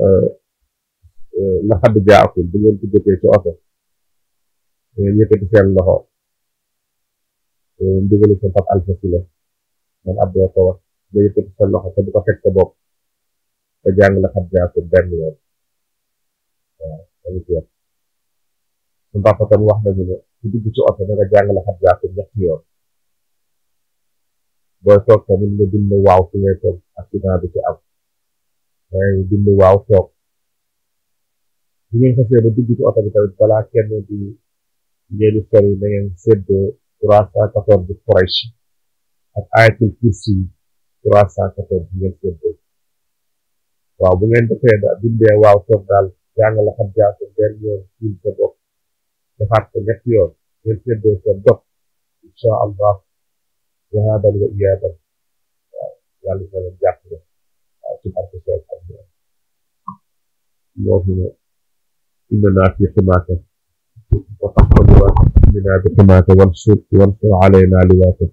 Euh, euh, la xadd jaakum bu ngeen ko jotee ci oto ngeen yëkkati seen loxo ndigalu seen pap alfasi la man abdoo ko wax nga yëkkati seen loxo te bu ko teg sa bopp te jàng la xadd jaakum benn yoon waaw amit yoon suñu papa tam wax nañu ne ku dugg ci oto na nga jàng la xadd jaakum ñetti yoon booy toog tamit nga bind waaw fi ngay toog accident bi ci am dangay bind waaw toog bu ngeen xasee ba oto bi tamit balaa kenn di ngeen di sori na ngeen séddoo trois cent quatorze Quraysh ak ayatul kursi trois cent quatorze ngeen séddoo waaw bu ngeen defee da bindee waaw toog daal jàng la xam jaatu benn yoon fiil sa bopp defaat ngeen séddoo seen bopp allah wa haadal wa iyaadal waaw yàlla na leen اللهم إننا في حماك وتحفظ لنا بحماك وانصر وانصر علينا لواتك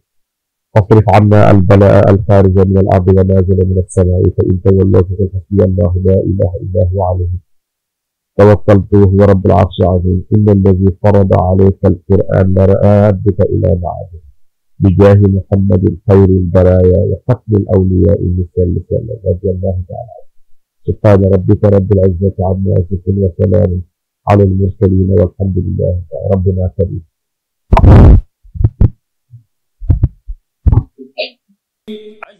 واصرف عنا البلاء الخارج من الأرض ونازل من السماء فإن تولوا فقل حسبي الله لا إله إلا هو عليه توكلت وهو رب العرش العظيم إن الذي فرض عليك القرآن لرآبك إلى معاده بجاه محمد خير البرايا وقتل الأولياء المثال رضي الله تعالى سبحان ربك رب العزة عما يصفون وسلام على المرسلين والحمد لله ربنا كريم.